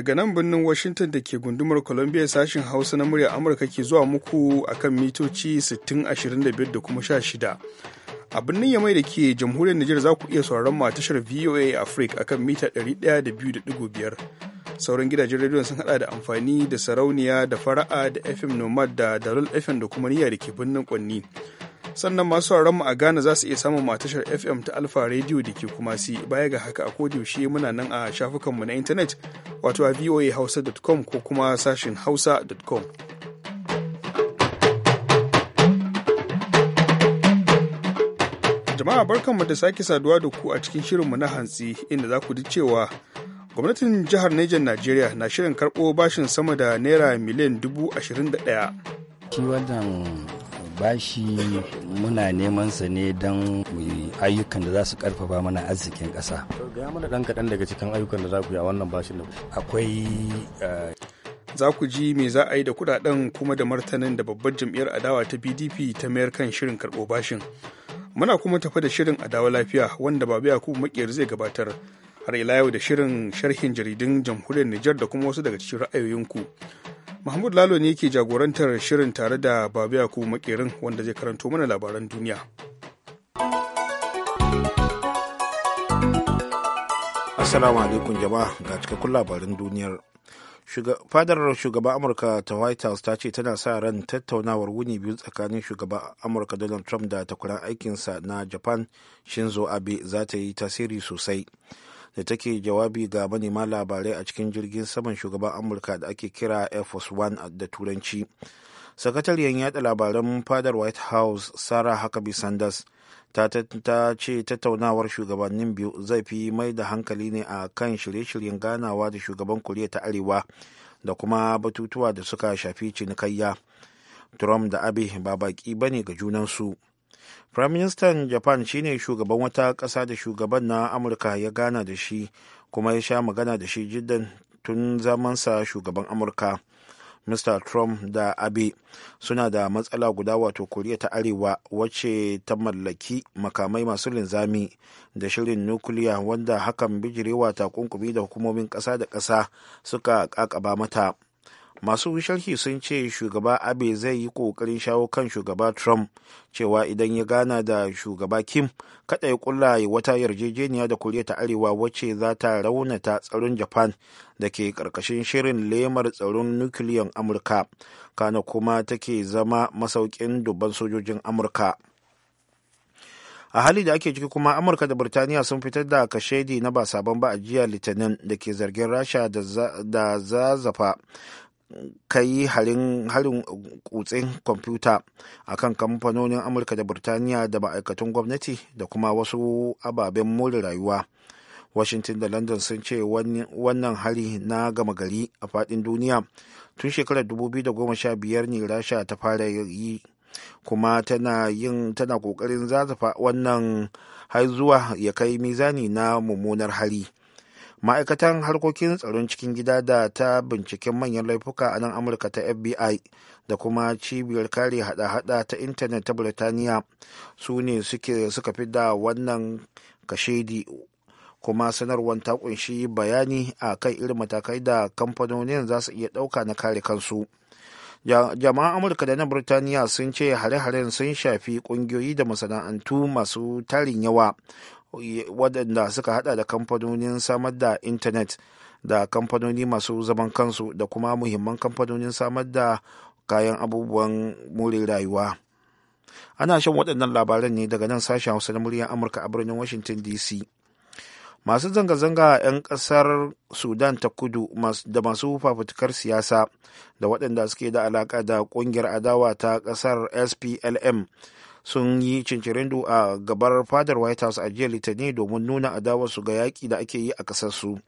daga nan birnin washington da ke gundumar columbia sashen hausa na murya amurka ke zuwa muku akan mitoci 6025 da kuma 16 a birnin yamai da ke jamhuriyar nijar za ku iya sauraron mu a tashar voa africa akan mita 102.5 sauran gidajen rediyon sun hada da amfani da sarauniya da fara'a da fm nomad da dalol fm da kuma niyya da ke birnin kwanni sannan masu mu a Ghana za su iya samun matashar FM ta alpha Radio da ke kuma si baya ga haka a kodiyaushe muna nan a shafukanmu na intanet wato a voahausa.com ko kuma sashin hausa.com. Jama'a barkan barkanmu da sake saduwa da ku a cikin shirinmu na hantsi inda za ku ji cewa gwamnatin jihar Niger Najeriya na shirin karɓo bashin sama da naira miliyan dubu ashirin da ɗaya. bashi muna neman sa ne don ayyukan da za su karfafa mana arzikin kasa. Ga mana ɗan kaɗan daga cikin ayyukan da za ku yi a wannan bashin da Akwai eh, za ku ji me za a yi da kudaden kuma da martanin da babbar jam'iyyar adawa ta pdp ta mayar kan shirin karɓo bashin muna kuma tafa da shirin adawa lafiya wanda babu yakubu makiyar zai gabatar har ila yau da shirin sharhin jaridun jamhuriyar nijar da kuma wasu daga cikin ra'ayoyinku Mahmud Lalo ne ke jagorantar shirin tare da Babu Yakubu Makerin wanda zai karanto mana labaran duniya. Assalamu alaikum jama'a ga cikakkun labarin duniyar. Fadar shugaban Amurka ta White House ta ce tana sa ran tattaunawar wuni biyu tsakanin shugaban Amurka Donald Trump da takwaran aikinsa na Japan Shinzo Abe za ta yi tasiri sosai. da take jawabi ga manema labarai a cikin jirgin saman shugaban amurka da ake kira air force one da turanci sakatariyar yada labaran fadar white house sarah huckabee sanders ta, ce tattaunawar shugabannin biyu zai fi mai da hankali ne a kan shirye-shiryen ganawa da shugaban koriya ta arewa da kuma batutuwa da suka shafi cinikayya trump da abe ba baki bane ga junansu. su prime minister japan shine shugaban wata ƙasa da shugaban na amurka ya gana da shi kuma ya sha magana da shi jiddan tun zamansa shugaban amurka mr trump da abe suna da matsala guda wato koriya ta arewa wacce ta mallaki makamai masu linzami da shirin nukiliya wanda hakan bijirewa takunkumi da hukumomin ƙasa da ƙasa suka ƙaƙaba mata masu sharhi sun ce shugaba abe zai yi kokarin shawo kan shugaba trump cewa idan ya gana da shugaba kim kada ya kulla wata yarjejeniya da kuriya ta arewa wacce za ta raunata tsaron japan da ke karkashin shirin lemar tsaron nukiliyan amurka kana kuma take zama masaukin dubban sojojin amurka a hali da ake ciki kuma amurka da birtaniya sun fitar da kashedi na ba sabon ba a jiya litinin da ke zargin rasha da zazzafa ka kai harin kutsen kwamfuta a kan kamfanonin amurka da burtaniya da ma'aikatan gwamnati da kuma wasu ababen more rayuwa washington da london sun ce wannan hari na gama gari a fadin duniya tun shekarar 2015 ne rasha ta fara yi kuma tana yin tana kokarin zazafa wannan har zuwa ya kai mizani na mummunar hari ma'aikatan harkokin tsaron cikin gida da ta binciken manyan laifuka a nan amurka ta fbi da kuma cibiyar kare hada-hada ta intanet ta birtaniya su ne suka fi da wannan kashedi kuma sanarwar ta kunshi bayani a kan irin matakai da kamfanonin za su iya dauka na kare kansu jama'an amurka da na birtaniya sun ce hare-haren sun shafi kungiyoyi da masana'antu masu tarin yawa waɗanda suka hada da kamfanonin samar da intanet da kamfanoni masu zaman kansu da kuma muhimman kamfanonin samar da kayan abubuwan more rayuwa ana shan waɗannan labaran ne daga nan sashen hausa na muryar amurka a birnin washington dc masu zanga-zanga 'yan ƙasar sudan ta kudu da masu fafutukar siyasa da waɗanda suke da alaƙa da ƙungiyar adawa ta ƙasar splm sun yi cincirindu a gabar fadar white house a jiya litani domin nuna adawa su ga yaki da ake yi a ƙasarsu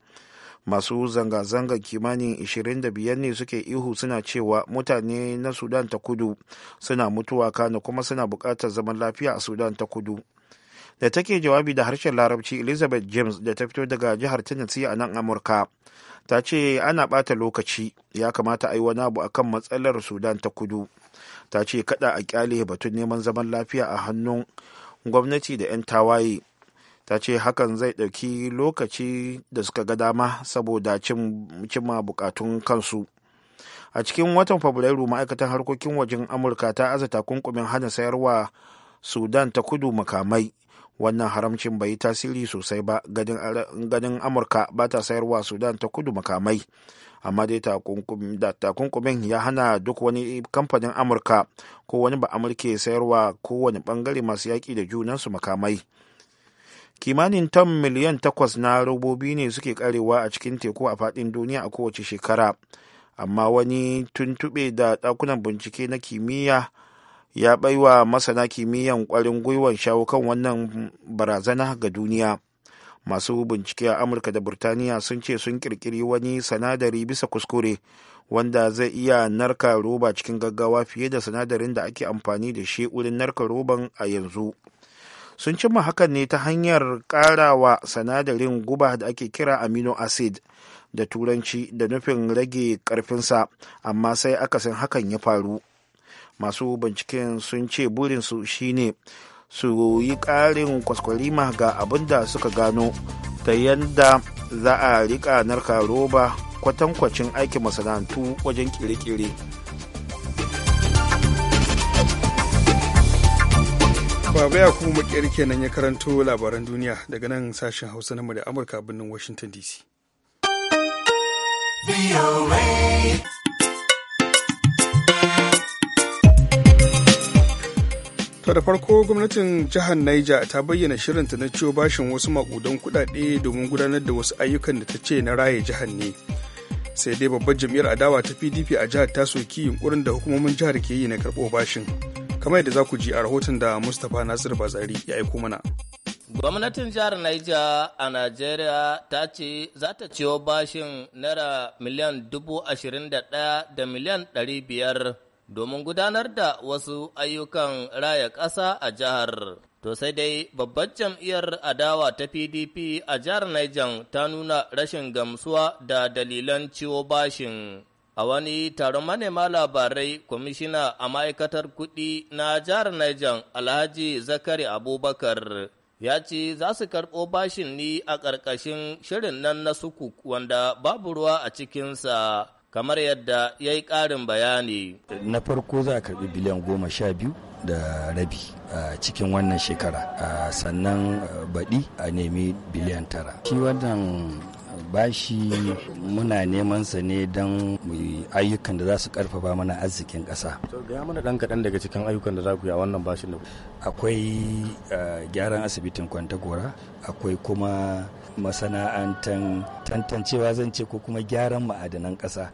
masu zanga-zangar kimanin 25 ne suke ihu suna cewa mutane na sudan ta kudu suna mutuwa kano kuma suna buƙatar zaman lafiya a sudan ta kudu da take jawabi da harshen larabci elizabeth james da ta fito daga jihar tennessee a nan amurka ta ce ana bata lokaci ya kamata a yi wani abu akan matsalar sudan ta kudu ta ce kada a kyale batun neman zaman lafiya a hannun gwamnati da 'yan tawaye ta ce hakan zai ɗauki lokaci da suka ga dama saboda cimma bukatun kansu a cikin watan fabrairu ma'aikatan harkokin wajen amurka ta azata takunkumin hana sayarwa sudan ta kudu makamai wannan haramcin bai yi tasiri sosai ba ganin amurka ba ta sayarwa sudan ta kudu makamai amma dai takunkumin ya hana duk wani kamfanin amurka ko wani ba amurke sayarwa kowane bangare masu yaki da junansu makamai kimanin tan miliyan takwas na robobi ne suke karewa a cikin teku a faɗin duniya a kowace shekara amma wani tuntuɓe da ɗakunan bincike na kimiyya ya baiwa masana kimiyyan kwarin gwiwar shawo kan wannan barazana ga duniya masu bincike a amurka da burtaniya sun ce sun kirkiri wani sanadari bisa kuskure wanda zai iya narka roba cikin gaggawa fiye da sanadarin da ake amfani da shi wurin narka roban a yanzu sun cimma hakan ne ta hanyar karawa sanadarin guba da ake kira amino acid da turanci da nufin rage karfinsa amma sai akasin hakan ya faru masu binciken sun ce burinsu shine su yi ƙarin kwaskwalima ga abin da suka gano ta yadda za a riƙa narka roba kwatankwacin aikin masana'antu wajen ƙere-ƙere. Baba ya kuma makiyar kenan ya karanto labaran duniya daga nan sashen Hausa na da Amurka birnin Washington DC. To da farko gwamnatin jihar Niger ta bayyana shirinta na ciwo bashin wasu makudan kudade domin gudanar da wasu ayyukan da ta ce na raye jihar ne. Sai dai babbar jam'iyyar adawa ta PDP a jihar ta soki yunkurin da hukumomin jihar ke yi na karɓo bashin. Kamar yadda za ku ji a rahoton da Mustapha Nasir Bazari ya aiko mana. Gwamnatin jihar Niger a Najeriya ta ce za ta ciwo bashin naira miliyan dubu ashirin da ɗaya da miliyan ɗari biyar domin gudanar da wasu ayyukan raya ƙasa a jihar. To sai dai babbar jam'iyyar adawa ta PDP a jihar Niger ta nuna rashin gamsuwa da dalilan ciwo bashin. A wani taron manema labarai, kwamishina a ma'aikatar kuɗi na jihar Niger Alhaji Zakari Abubakar ya ce za su karɓo bashin ni a ƙarƙashin shirin nan na suku wanda babu ruwa a cikinsa kamar yadda ya yi ƙarin bayani. Na farko za a karɓi biliyan goma sha biyu da rabi a cikin wannan shekara sannan eh, baɗi a nemi biliyan tara. Shi wannan bashi muna neman sa ne don ayyukan da za su karfafa mana arzikin ƙasa. Gaya mana ɗan kaɗan daga cikin ayyukan da za ku yi a wannan bashin da Akwai eh, gyaran asibitin Kwantagora, akwai kuma Masana'antar tantancewa zan ce ko kuma gyaran ma'adanan ƙasa.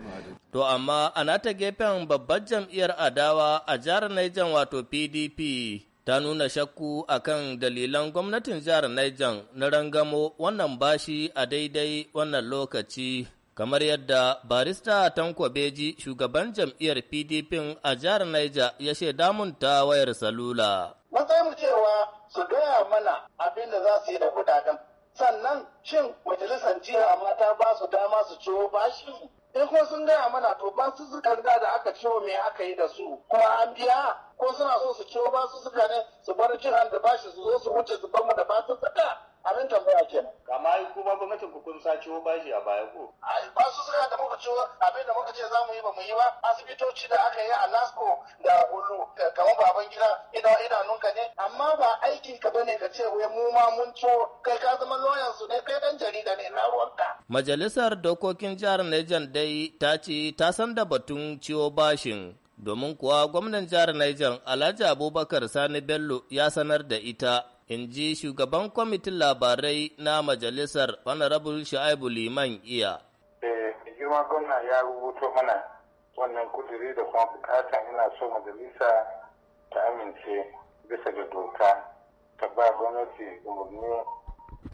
To amma a nata gefen babbar jam'iyyar adawa a jihar Niger wato PDP ta nuna shakku akan dalilan gwamnatin jihar Niger na rangamo wannan bashi a daidai wannan lokaci. kamar yadda barista Tanko Beji shugaban jam'iyyar PDP a jihar Niger ya shaida damun ta wayar salula. Matsayin cewa su gaya mana abin da za su yi da kudaden sannan shin majalisar jiya ma ta ba su dama su ciwo bashin in eh, ko sun gaya mana to ba su suka da aka ciwo me aka yi da su kuma an biya ko suna so su ciwo ba su suka ne su bar jihar da bashi su zo su wuce su bamu da ba su abin tambaya ke kama yi kuma gwamnatin ku kun sace bashi a baya ko ba su suka da muka ciwo, abin da muka ce za mu yi ba mu yi ba asibitoci da aka yi a Lasco da hulu eh, kamar baban gida ina idanunka ne amma ba aikin ka bane ka ce wai mu ma mun ciwo kai ka zama lawyer su ne kai dan jarida ne na ruwanka majalisar dokokin jihar Niger dai ta ce ta san da batun ciwo bashin domin kuwa gwamnan jihar Niger Alhaji Abubakar Sani Bello ya sanar da ita in ji shugaban kwamitin labarai na majalisar honorable sha'ibu liman iya girma gwamna ya rubuto mana wannan kuduri da kuma bukata ina so majalisa ta amince bisa da doka ta ba gwamnati umarni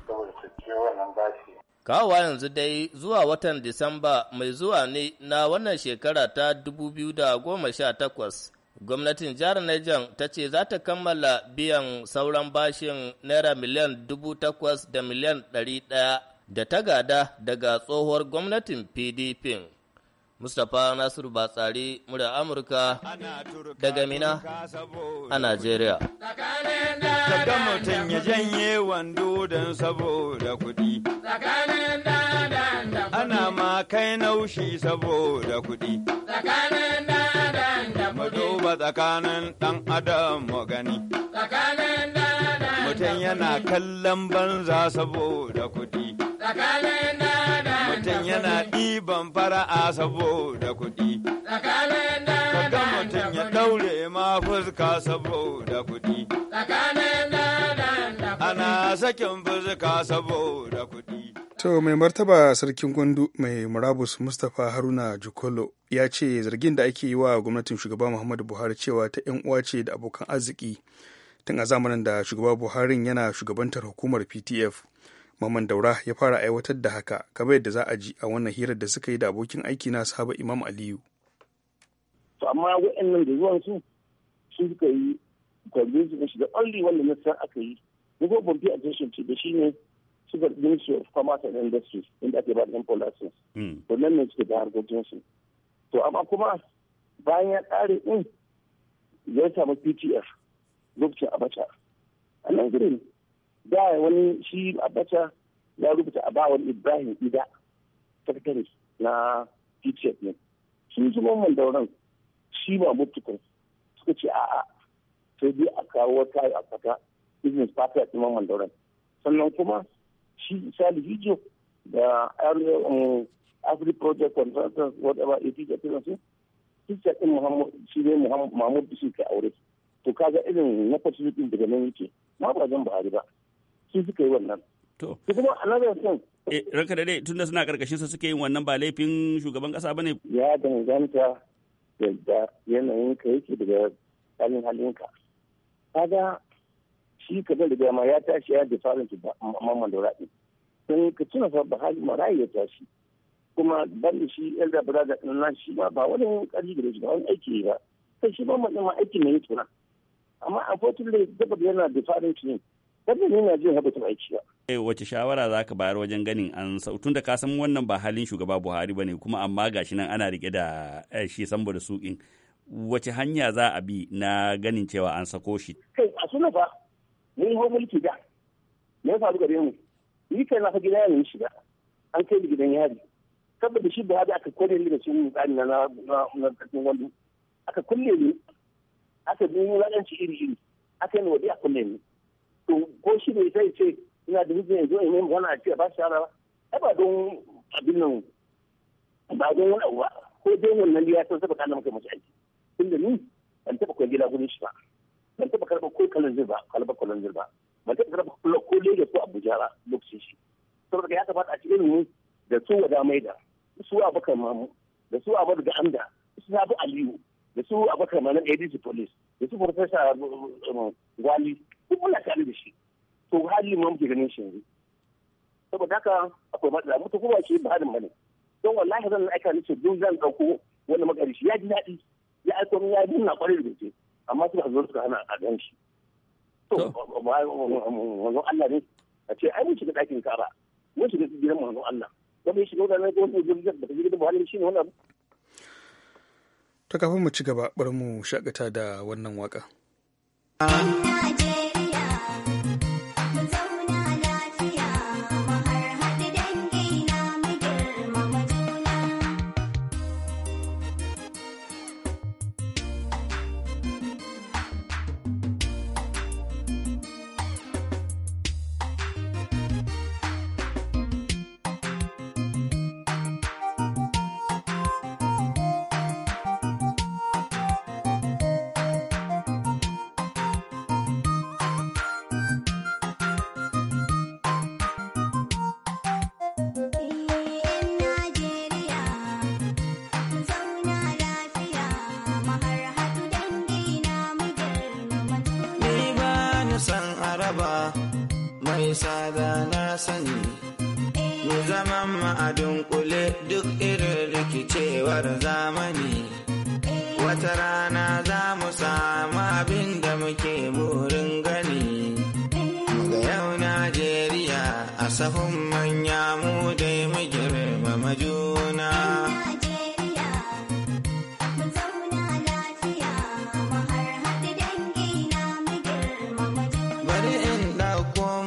saboda su ce wannan bashi Kawa yanzu dai zuwa watan Disamba mai zuwa ne na wannan shekara ta 2018 Gwamnatin jihar Niger ta ce za ta kammala biyan sauran bashin naira miliyan dubu takwas da miliyan ɗari ɗaya da ta gada daga tsohuwar gwamnatin PDP. Mustapha Nasiru Batsari, murya Amurka daga Mina a Najeriya. Tsakanin mutum ya janye wando don saboda kuɗi. ana ma kai naushi saboda kuɗi. Tsakanin ɗan adam da kuɗi. Mu duba tsakanin ɗan adam mu gani. Tsakanin ɗan adam Mutum yana kallon banza saboda kuɗi. Tsakanin ɗan adam Mutum yana ɗiban fara'a saboda kuɗi. Tsakanin ɗan adam da kuɗi. mutum ya ɗaure ma fuska saboda kuɗi. Tsakanin ɗan adam da kuɗi. Ana sakin fuska saboda To mai martaba sarkin gwandu mai murabus Mustapha Haruna Jukolo ya ce zargin da ake yi wa gwamnatin shugaba Muhammadu Buhari cewa ta 'yan uwa ce da abokan arziki tun a zamanin da shugaba buhari yana shugabantar hukumar PTF. Maman Daura ya fara aiwatar da haka kamar yadda za a ji a wannan hirar da suka yi da abokin aiki na sahaba Imam Aliyu. To amma waɗannan da zuwan su suka yi gwamnati wanda na aka yi. ko da shi ne suka ministry of commerce and inda ake ba da import license hmm. to nan ne suke da harkokin su to amma kuma bayan ya kare in ya samu ptf lokacin abacha a nan da wani shi abacha ya rubuta a ibrahim ida sakatare na ptf ne sun dauran shi ba mutukun suka ce a'a sai dai a kawo wata a fata business partner ɗin dauran sannan kuma shi misali video da um, afri project consultants whatever it is appearance sister din muhammad shi ne muhammad bishi aure to kaga irin na facility daga nan yake ma ba zan buhari ba shi suka yi wannan to kuma another thing eh ranka da dai tunda suna karkashin sa suke yin wannan ba laifin shugaban kasa bane ya danganta da yanayin ka yake daga halin halinka kaga shi kadan da ma ya tashi ya da farin su mamman da raɗi don ka tuna fa bahari marayi ya tashi kuma ban da shi yan zabura da ɗanan shi ma ba wani ƙarfi da shi ba wani aiki ba sai shi mamman ɗin ma aiki ne ya tuna amma a fotun da da yana da farin su ne wannan ne na jin haɓata aiki ba. Eh, wace shawara za ka bayar wajen ganin an sautun da ka san wannan ba halin shugaba buhari ba ne kuma amma gashi nan ana rike da eh, shi sambo da sukin wace hanya za a bi na ganin cewa an sako shi kai a suna fa mun hau mulki da ya faru gare mu yi kai na fa gida yaron shiga an kai ni gidan yari saboda shi buhari aka kore ni da shi mun tsari na na na karfin wani aka kulle ni aka bi ni ladanci iri iri aka yi wadi a kulle ni to ko shi ne sai ce ina da hujja yanzu a yi magana a ce ba shi ba ai ba don abin nan ba don wani abu ba ko dai wannan ya san saba kana muka mace aiki tunda ni ban taɓa kwan gida gurin shi ba ban taɓa karɓar ko kalanzir ba kalbar kalanzir ba ban taɓa karɓar ko lagos ko abuja ba lokacin shi saboda ya kamata a cikin ne da su wada da su abakar mamu da su abadu da amda su sabu aliyu da su abakar manan adc police da su professor um, gwali duk muna tare da shi to hali mu muke ganin shi yanzu saboda haka akwai matsala mutu kuma shi ba hadin bane don wallahi zan aika ni ce duk zan dauko wani makarishi ya ji daɗi ya aiko ya nuna kwarai da gaske amma suka zo suka hana a gan shi to manzon Allah ne a ce ai mun shiga ɗakin kara mun shiga gidan manzon Allah wanda ya shiga wani wani jirgin da jirgin buhari shi ne wannan. ta kafin mu ci gaba bari mu shakata da wannan waka. sada na sani mu zaman ma'adin kule duk irin rikicewar zamani wata rana za mu samu abin da muke mu.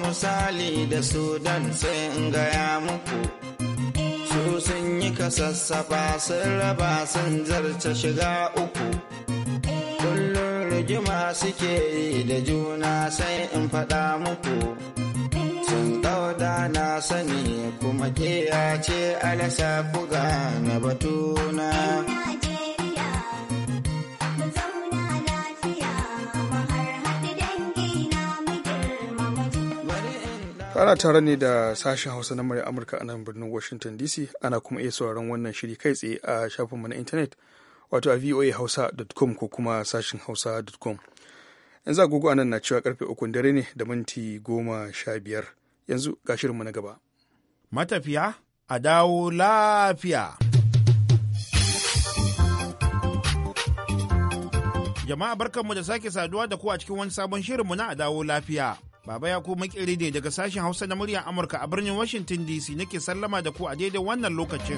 misali da sudan sai in gaya muku su sun yi kasassafa sun raba sun zarce shiga uku kullum rigima suke yi da juna sai in faɗa muku sun dauda na sani kuma ke ce alasa buga na batuna. ana tare ne da sashen hausa na murya amurka a nan birnin washington dc ana kuma iya sauraron wannan shiri kai tsaye a shafinmu na intanet wato a voa hausa.com ko kuma sashen hausa.com yanzu agogo a nan na cewa karfe ukun dare ne da minti goma sha biyar yanzu ga shirinmu na gaba matafiya a dawo lafiya jama'a barkanmu da sake saduwa da ku a cikin wani sabon shirinmu na a dawo lafiya Baba ya ku makiri ne daga sashen Hausa na muryar Amurka a birnin Washington DC nake sallama da ku a daidai wannan lokacin.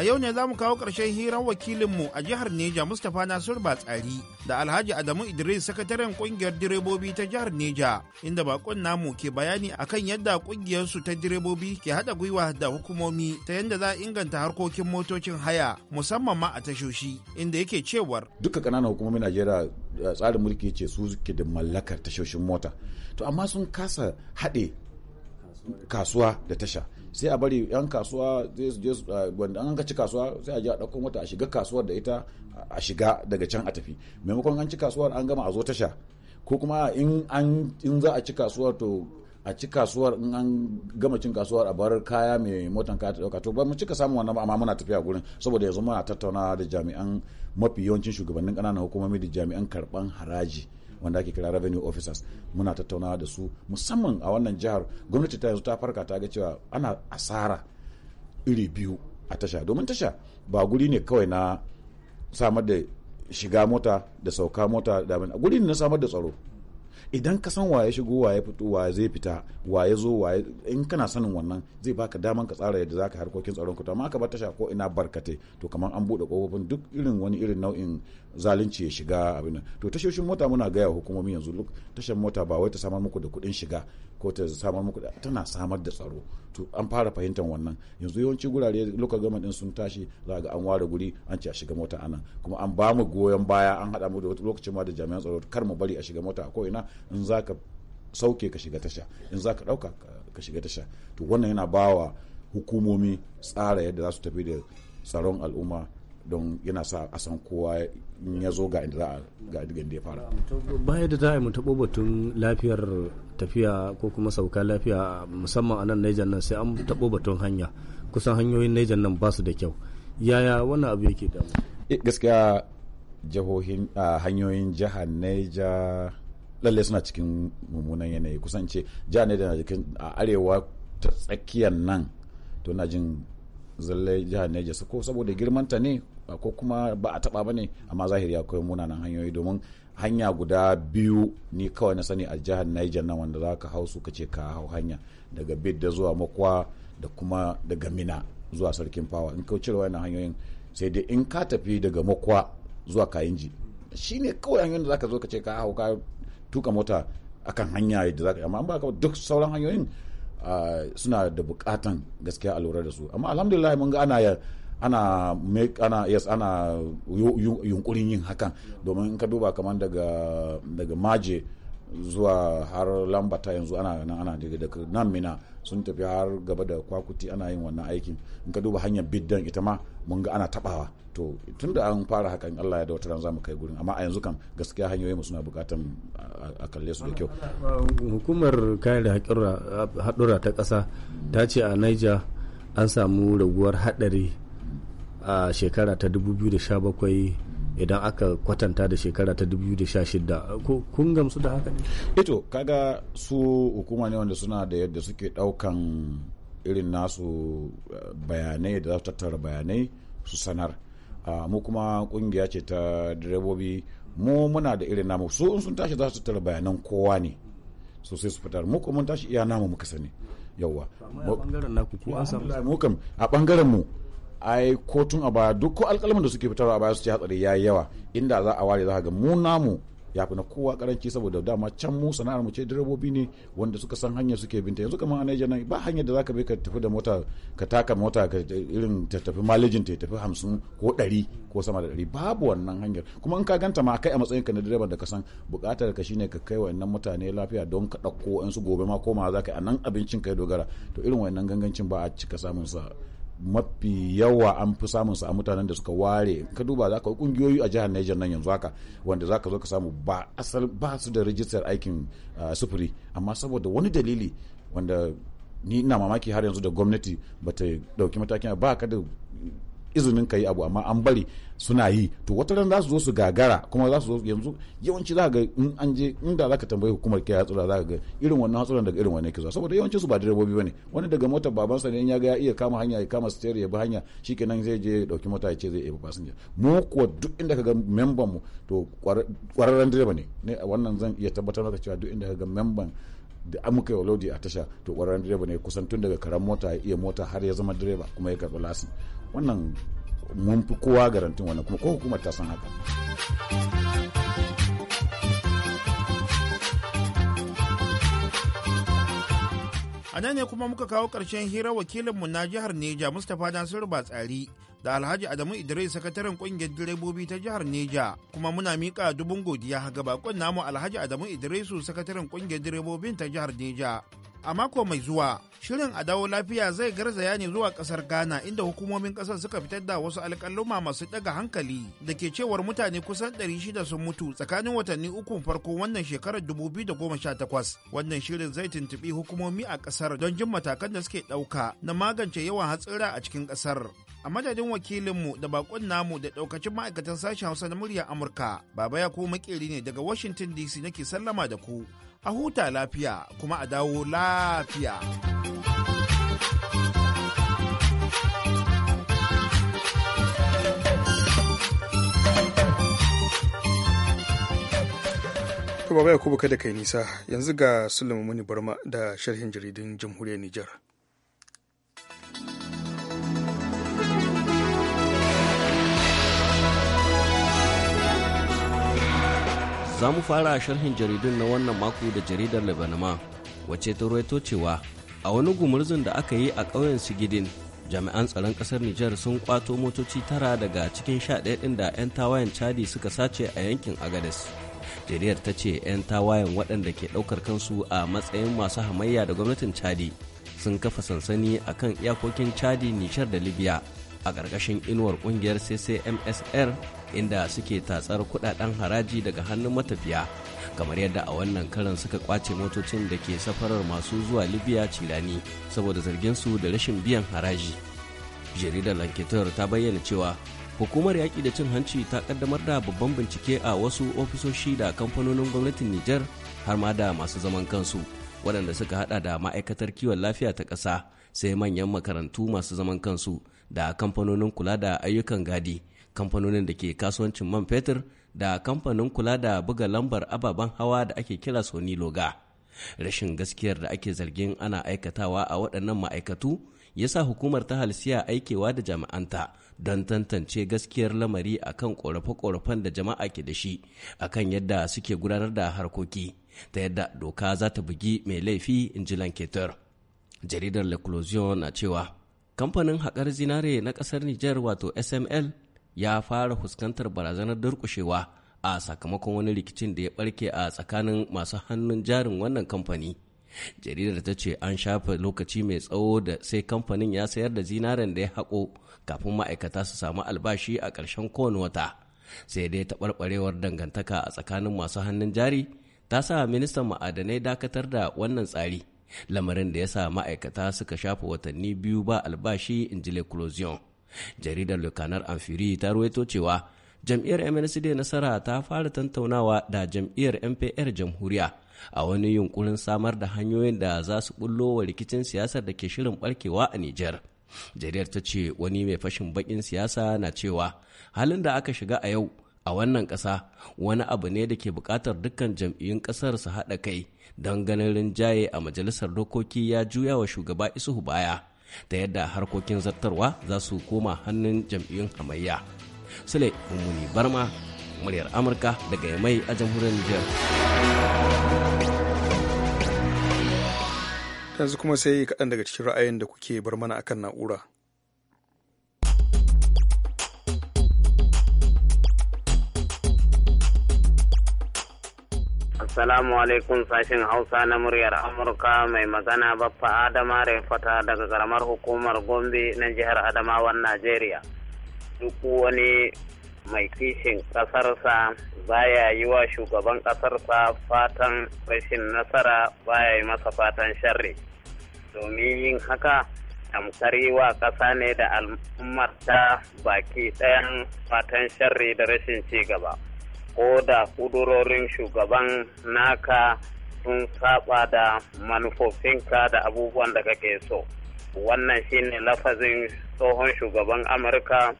A yau ne za mu kawo ƙarshen hirar wakilinmu a jihar Neja Mustapha Nasir Batsari da Alhaji Adamu Idris sakataren kungiyar direbobi ta jihar Neja inda bakon namu ke bayani akan yadda ƙungiyarsu ta direbobi ke haɗa gwiwa da hukumomi ta yadda za a inganta harkokin motocin haya musamman ma a tashoshi inda yake cewar. Duka ƙananan hukumomin Najeriya eh, tsarin mulki ce su ke da mallakar tashoshin mota. To amma sun kasa haɗe kasuwa da tasha. sai a bari yan kasuwa zai su je wanda an ci kasuwa sai a je a ɗauko mota a shiga kasuwar da ita a shiga daga can a tafi maimakon an ci kasuwar an gama a zo tasha ko kuma in an in za a ci kasuwar to a ci kasuwar in an gama cin kasuwar a bar kaya mai motan kaya ta dauka to ba mu cika samun wannan amma muna tafiya gurin saboda yanzu muna tattaunawa da jami'an mafi yawancin shugabannin kananan hukumomi da jami'an karban haraji wanda ake kira revenue officers muna tattaunawa da su musamman a wannan jihar gwamnati ta yanzu ta farka ta ga cewa ana asara iri biyu a tasha domin tasha ba guri ne kawai na samar da shiga mota da sauka mota da guri ne na samar da tsaro idan ka san waye shigo waye fito waye zai fita waye zo waye in kana sanin wannan zai baka daman ka tsara yadda zaka harkokin tsaron ku amma aka bar tasha ko ina barkate to kamar an bude kofofin duk irin wani irin nau'in zalunci ya shiga abin nan to tashoshin mota muna gaya hukumomi yanzu duk tashar mota ba wai ta samar muku da kuɗin shiga ko ta samar muku tana samar da tsaro to an fara fahimtar wannan yanzu yawanci gurare local government din sun tashi za ga an ware guri an ce a shiga mota anan kuma an ba mu goyon baya an haɗa mu da wata lokacin ma da jami'an tsaro kar mu bari a shiga mota a ko ina in za ka sauke ka shiga tasha in za ka ɗauka ka shiga tasha to wannan yana bawa hukumomi tsara yadda za su tafi da tsaron al'umma don yana sa a san kowa ya zo ga inda za a ga da ya fara baya da za a yi mu taɓo batun lafiyar tafiya ko kuma sauka lafiya musamman a nan Niger nan sai an taɓo batun hanya kusan hanyoyin Niger nan ba su da kyau yaya wannan abu yake damu eh, gaskiya jihohin hanyoyin jihar Niger lalle suna cikin mummunan yanayi kusan ce jihar Niger na jikin arewa ta tsakiyar nan to na jin zallai jihar Niger ko saboda girmanta ne ko kuma ba a taba bane amma zahiri akwai munanan hanyoyi domin hanya guda biyu ni kawai na sani a jihar Niger nan wanda zaka hau su kace ka hau hanya daga Bidda zuwa Makwa da kuma daga Mina zuwa Sarkin Fawa in ka cire wannan hanyoyin sai dai in ka tafi daga Makwa zuwa Kayinji shine kawai hanyoyin da zaka zo kace ka hau ka tuka mota akan hanya da zaka amma ba duk sauran hanyoyin suna da bukatan gaskiya a lura da su amma alhamdulillah mun ga ana ana make ana yes ana yunkurin yin hakan domin in ka duba kamar daga daga maje zuwa har lambata yanzu ana nan ana daga nan mina sun tafi har gaba da kwakuti ana yin wannan aikin in ka duba hanyar biddan ita ma mun ga ana tabawa to tunda an fara hakan Allah ya da wata ran zamu kai gurin amma a yanzu kam gaskiya hanyoyin mu suna bukatan a kalle su da kyau hukumar kare da haɗura ta kasa ta ce a Niger an samu raguwar hadari a shekara ta 2017 idan aka kwatanta da shekara ta 2016 kun gamsu da haka ne ito eh kaga su hukuma ne wanda suna da yadda suke daukan irin nasu eh, bayanai da za su tattara bayanai su sanar ah, mu kuma kungiya ce ta direbobi mu muna da irin namu su sun tashi za su tattara bayanan kowa ne so sai su fitar mu kuma mun tashi iya namu muka sani yawwa a bangaren mu ai kotun a baya duk ko alƙalman da suke fitarwa a baya su ce hatsari ya yi yawa inda za a ware za ga mu namu ya fi na kowa karanci saboda dama can mu sana'ar mu ce direbobi ne wanda suka san hanyar suke binta yanzu kamar a Niger nan ba hanyar da zaka bi ka tafi da mota ka taka mota ka irin ta tafi malejin ta tafi hamsin ko ɗari ko sama da ɗari babu wannan hanyar kuma in ka ganta ma kai a matsayin ka na direban da ka san buƙatar ka shine ka kai wa'annan mutane lafiya don ka ɗauko su gobe ma koma za ka a nan abincin ka ya dogara to irin wa'annan gangancin ba a cika samun sa mafi yawa an fi samun su a mutanen da suka ware ka duba za ka kungiyoyi a jihar Niger nan yanzu haka wanda za ka zo ka samu ba asal ba su da rijistar aikin ah, sufuri amma saboda wani dalili wanda ni ina mamaki har yanzu da gwamnati ba ta dauki matakin ba ka da izinin ka yi abu amma an bari suna yi to wata ran za su zo su gagara kuma za su zo yanzu yawanci za ga in an je inda za ka tambayi hukumar kiyaye hatsura za ga irin wannan hatsuran daga irin wannan kisa saboda yawanci su ba direbobi bane wani daga motar babansa ne ya ga ya iya kama hanya ya kama steer ya bi hanya shikenan zai je dauki mota ya ce zai iya fasinja mu ko duk inda ka ga member mu to kwararren direba ne ne wannan zan iya tabbatar maka cewa duk inda ka ga member da amuka muka yi a tasha to kwararren direba ne kusan tun daga karan mota ya iya mota har ya zama direba kuma ya karɓi lasin wannan mun fi kowa garantin wannan kuma ko hukumar ta san haka a nan ne kuma muka kawo ƙarshen hirar wakilinmu na jihar neja mustapha nasiru batsari da alhaji adamu idris sakataren ƙungiyar direbobi ta jihar neja kuma muna miƙa dubun godiya ga bakon namu alhaji adamu idrisu sakataren ƙungiyar direbobin ta jihar neja a mako mai zuwa shirin a dawo lafiya zai garzaya ne zuwa kasar ghana inda hukumomin kasar suka fitar da wasu alƙaluma masu daga hankali da ke cewar mutane kusan 600 sun mutu tsakanin watanni uku farko wannan shekarar 2018 wannan shirin zai tuntubi hukumomi a kasar don jin matakan da suke ɗauka na magance yawan hatsira a cikin kasar a madadin wakilinmu da bakon namu da ɗaukacin ma'aikatan sashen hausa na muryar amurka baba ya ko makeri ne daga washington dc nake sallama da ku a huta lafiya kuma a dawo lafiya. Kuma bai kubuka da kai nisa yanzu ga Sulaiman Muni Barma da sharhin jaridun Jamhuriyar Nijar. za mu fara sharhin jaridun na wannan mako da jaridar lebanama wace ta ruwaito cewa a wani gumurzun da aka yi a ƙauyen sigidin jami'an tsaron ƙasar nijar sun kwato motoci tara daga cikin sha ɗaya ɗin da 'yan tawayen chadi suka sace a yankin agades jaridar ta ce 'yan tawayen waɗanda ke ɗaukar kansu a matsayin masu hamayya da gwamnatin chadi sun kafa sansani akan iyakokin chadi nijar da libya a ƙarƙashin inuwar ƙungiyar ccmsr inda suke tatsar kudaden haraji daga hannun matafiya kamar yadda a wannan karan suka kwace motocin da ke safarar masu zuwa libya cirani saboda zargin su da rashin biyan haraji jaridar lanketar ta bayyana cewa hukumar yaƙi da cin hanci ta ƙaddamar da babban bincike a wasu ofisoshi da kamfanonin gwamnatin niger har ma da masu zaman kansu waɗanda suka haɗa da ma'aikatar kiwon lafiya ta ƙasa sai manyan makarantu masu zaman kansu da kamfanonin kula da ayyukan gadi kamfanonin da ke kasuwancin man fetur da kamfanin kula da buga lambar ababen hawa da ake kira soni loga rashin gaskiyar da ake zargin ana aikatawa a waɗannan ma'aikatu ya sa hukumar ta halsiya aikewa da jami'anta don tantance gaskiyar lamari a kan ƙorafe-ƙorafen da jama'a ke da shi a kan yadda suke gudanar da harkoki ta yadda doka za ta bugi mai laifi in ji lanketar. jaridar l'eclosion na cewa kamfanin haƙar zinare na ƙasar niger wato sml ya fara fuskantar barazanar durƙushewa a sakamakon wani rikicin da ya ɓarke a tsakanin masu hannun jarin wannan kamfani jaridar ta ce an shafe lokaci mai tsawo da sai kamfanin ya sayar da zinaren da ya haƙo kafin ma'aikata su samu albashi a ƙarshen kowane wata sai dai taɓarɓarewar dangantaka a tsakanin masu hannun jari ta sa ministan ma'adanai dakatar da wannan tsari lamarin da ya sa ma'aikata suka shafa watanni biyu ba albashi in ji Le Closion. jaridar lukanar amfiri ta ruwaito cewa jam'iyyar mnsd nasara ta fara tantaunawa da jam'iyyar mpr jamhuriya a wani yunkurin samar da hanyoyin da za su bullo wa rikicin siyasar da ke shirin barkewa a nijar jaridar ta ce wani mai fashin bakin siyasa na cewa halin da aka shiga a yau a wannan ƙasa wani abu ne da ke buƙatar dukkan jam'iyyun ƙasar su haɗa kai don ganin rinjaye a majalisar dokoki ya juya wa shugaba isuhu baya ta yadda harkokin zartarwa za su koma hannun jam'iyyun hamayya sule mummuni barma muryar amurka daga yamai a jamhuriyar niger yanzu kuma sai kaɗan daga cikin ra'ayin da kuke bar mana akan na'ura Assalamu alaikum sashen Hausa na muryar Amurka mai magana Baffa Adama Fata daga karamar hukumar Gombe na jihar Adamawan Najeriya. Duk wani mai kishin ƙasarsa baya yi wa shugaban ƙasarsa fatan rashin nasara baya yi masa fatan sharri. Domin yin haka tamkar yi wa ƙasa ne da al'ummarta baki ɗayan fatan sharri da rashin ci gaba. ko da kudurorin shugaban naka sun saba da manufofinka da abubuwan da kake so wannan shine lafazin tsohon shugaban amurka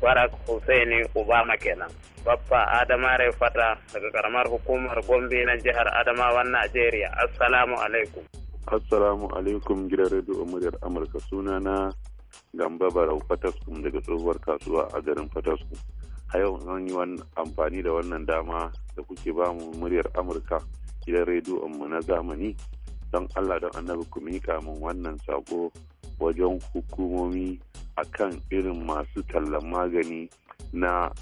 barak hussaini obama kenan baffa adama fata daga karamar hukumar gombe na jihar adamawan najeriya assalamu alaikum assalamu alaikum gidan radio muryar amurka sunana gamba barau fatasku daga tsohuwar kasuwa a garin fatasku a yau zan yi amfani da wannan dama da kuke ba mu muryar amurka gidan rediyon mu na zamani don allah don annabi ku miƙa min wannan sako wajen hukumomi akan irin masu tallan magani na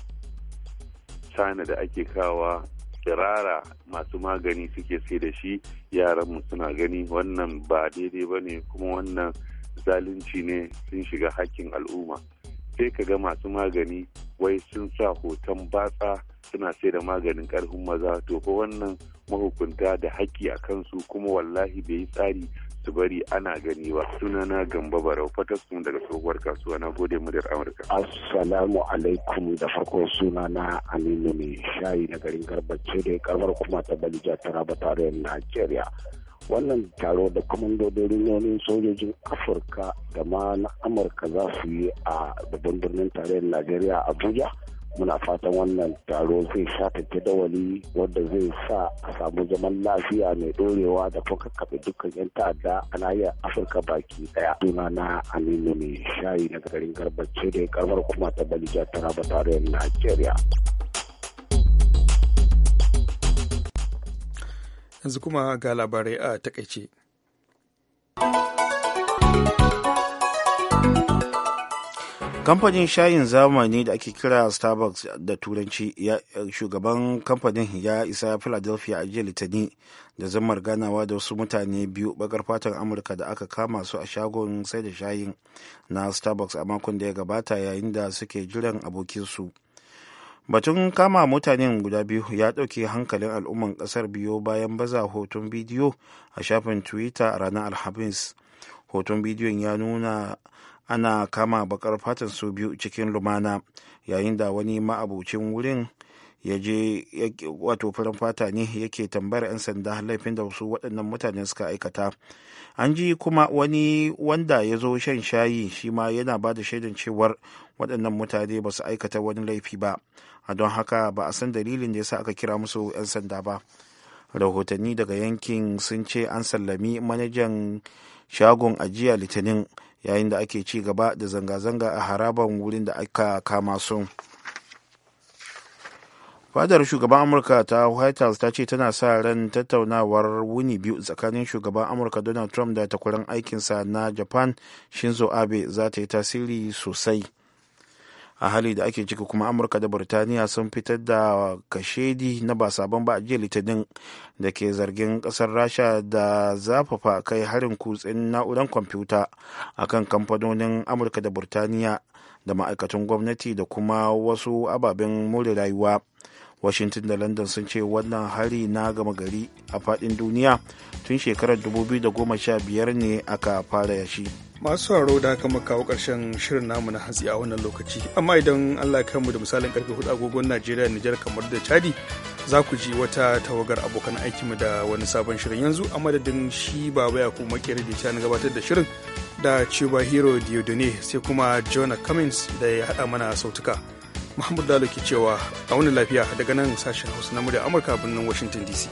china da ake kawa kirara masu magani suke sai da shi yaranmu suna gani wannan ba daidai ba ne kuma wannan zalunci ne sun shiga hakkin al'umma sai ka ga masu magani wai sun sa hoton batsa suna sai da maganin karfin maza to fa wannan mahukunta da haƙƙi a kansu kuma wallahi bai yi tsari su bari ana gani ba sunana gamba barau fatasku daga tsohuwar kasuwa na gode muryar amurka assalamu alaikum da farko sunana aminu ne shayi na garin garbace da karbar kuma ta balija taraba tarayyar najeriya wannan taro da kwamandodin rinonin sojojin afirka da ma na amurka za su yi a babban birnin tarayyar najeriya abuja muna fatan wannan taro zai sha ta jadawali wadda zai sa a samu zaman lafiya mai dorewa da kuma kakkaɓe dukkan 'yan ta'adda a nahiyar afirka baki daya suna na aminu mai shayi na garin garbace da ya karbar kuma ta balija raba tarayyar najeriya yanzu kuma ga labarai a takaice kamfanin shayin zamani da ake kira starbucks da turanci shugaban kamfanin ya isa philadelphia a jiya litani da zamar ganawa da wasu mutane biyu bakar fatan amurka da aka kama su a shagon sai da shayin na starbucks a makon da ya gabata yayin da suke jiran abokinsu batun kama mutanen guda biyu ya ɗauke hankalin al'umman ƙasar biyu bayan baza hoton bidiyo a shafin twitter a ranar alhamis hoton bidiyon ya nuna ana kama bakar fatan su biyu cikin lumana yayin da wani ma'abucin wurin ya je wato farin fata ne yake tambayar 'yan sanda laifin da wasu waɗannan mutane suka aikata an ji kuma wani wanda ya zo shan shayi shi ma yana ba da shaidan cewar waɗannan mutane ba su aikata wani laifi ba a don haka ba a san dalilin da ya sa aka kira musu 'yan sanda ba rahotanni daga yankin sun ce an sallami manajan shagon ajiya litinin yayin da ake ci gaba da zanga-zanga a haraban wurin da aka kama su fadar shugaban amurka ta white house ta ce tana sa ran tattaunawar wuni biyu tsakanin shugaban amurka donald trump da takwaran aikinsa na japan shinzo abe za ta yi tasiri sosai a hali da ake ciki kuma amurka da birtaniya sun fitar da kashedi na ba sabon ba a jiya litinin da ke zargin kasar rasha da zafafa kai harin kutsen na'urar kwamfuta a kan kamfanonin amurka da birtaniya da ma'aikatan gwamnati da kuma wasu ababen more rayuwa washington da london sun ce wannan hari na gama gari a fadin duniya tun shekarar 2015 ne aka fara yashi. masu sauraro da aka kawo karshen shirin namu na hatsi a wannan lokaci amma idan allah ya mu da misalin karfe hudu agogon najeriya nijar kamar da chadi za ku ji wata tawagar abokan aikinmu da wani sabon shirin yanzu a madadin shi baba ya kuma makere da na gabatar da shirin da chuba hero diodone sai kuma jonah cummins da ya haɗa mana sautuka Muhammad Lalo ke cewa a wani lafiya daga nan sashen Hausa na murya Amurka birnin Washington DC.